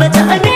为了证明。